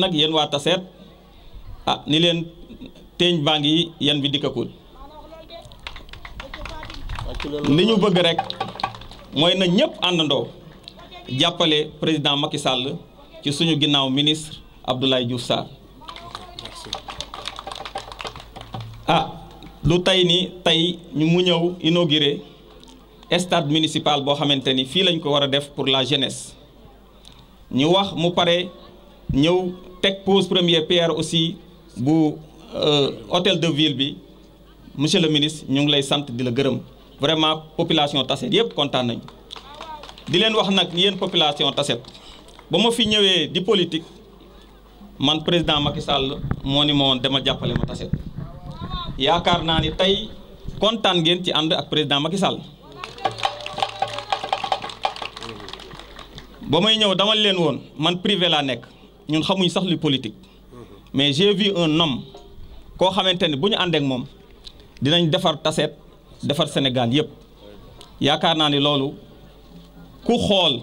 tax yéen waa ah, ni leen teeñ baa ngi yan bi dikkakul li ñu bëgg rek mooy na ñëpp àndandoo jàppale président Macky Sall ci suñu ginnaaw ministre Abdoulaye Diouf a ah, lu tey ni tey ñu mu ñëw inauguré stade municipal boo xamante ni fii lañ ko war a def pour la jeunesse ñu wax mu pare ñëw teg pose premier pierre aussi bu euh, hôtel de ville bi monsieur le ministre ñu ngi lay sant di la gërëm vraiment population Tassette yëpp kontaan nañu. di leen wax nag yéen population Tassette ba ma fi ñëwee di politique man président Macky Sall moo ni ma woon dama jàppale ma Tassette yaakaar naa ni tey kontaan ngeen ci ànd ak président Macky Sall. ba may ñëw dama leen woon man privé laa nekk. ñun xamuñu sax li politique mais j'ai vu un homme koo xamante ne bu ñu àndeek moom dinañ defar taseet defar Sénégal yëpp yaakaar naa ni loolu ku xool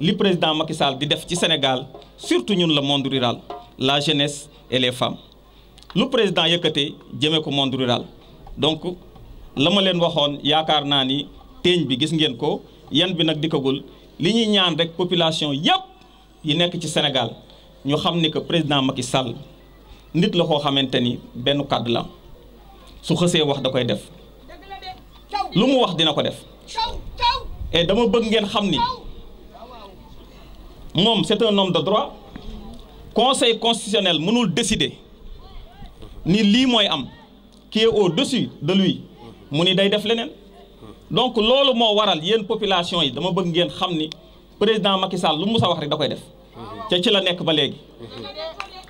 li président Macky Sall di def ci Sénégal surtout ñun la monde rural la jeunesse et les femmes lu président yëkkatee jëmee ko monde rural donc la ma leen waxoon yaakaar naa ni teeñ bi gis ngeen ko yan bi nag dikkagul li ñuy ñaan rek population yëpp yi nekk ci Sénégal ñu xam ni que président Macky Sall nit la koo xamante ni benn kàddu la su xësee wax da koy def lu mu wax dina ko def et dama bëgg ngeen xam ni moom c'est un homme de droit conseil constitutionnel mënul décider nii lii mooy am qui est au-dessus mu ni day def leneen donc loolu moo waral yéen population yi dama bëgg ngeen xam ni président Macky Sall lu mu sa wax rek da koy def ca ci la nekk ba léegi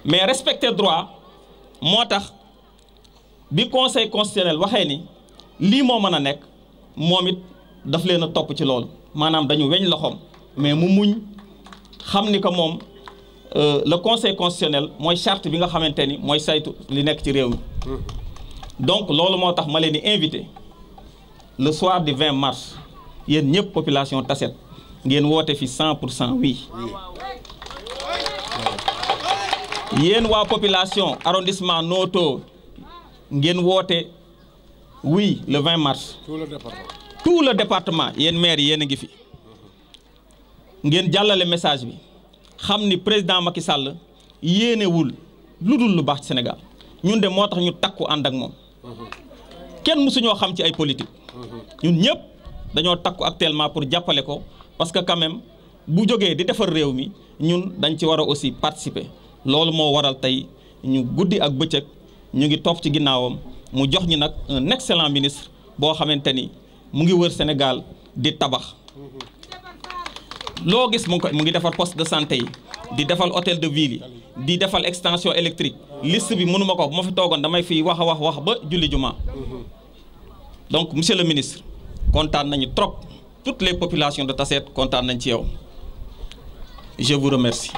mais respecter droit moo tax bi conseil constitutionnel waxee ni lii moo mën a nekk moom it daf leen a topp ci loolu maanaam dañu weñ loxoom mais mu muñ xam ni que moom euh, le conseil constitutionnel mooy charte bi nga xamante ni mooy saytu li nekk ci réew mi donc loolu moo tax ma leen di invité le soir du 20 mars yéen ñëpp population Tassette ngeen woote fi 100 pour cent oui yéen waa population arrondissement Notto ngeen woote oui le 20 mars. tout le département tout le département yéen maire yéen a ngi fi ngeen jàllale message bi xam ni président Macky Sall yéenewul lu dul lu baax ci Sénégal ñun de moo tax ñu takku ànd ak moom kenn mësuñoo xam ci ay politique ñun ñëpp dañoo takku actuellement pour jàppale ko parce que bu jógee di defar réew mi ñun dañ ci war a aussi participer loolu moo waral tey ñu guddi ak bëccëg ñu ngi topp ci ginnaawam mu jox ñi nag un excellent ministre boo xamante ni mu ngi wër Sénégal di tabax loo gis mu ngi ko mu ngi defar poste de santé yi di defal otel de ville yi di defal extension électrique liste bi mënuma ko bu ma fi toogoon damay fi wax a wax wax ba julli juma donc monsieur le ministre kontaan nañu trop toutes les populations de Tassette kontaan nañ ci yow Je vous remercie.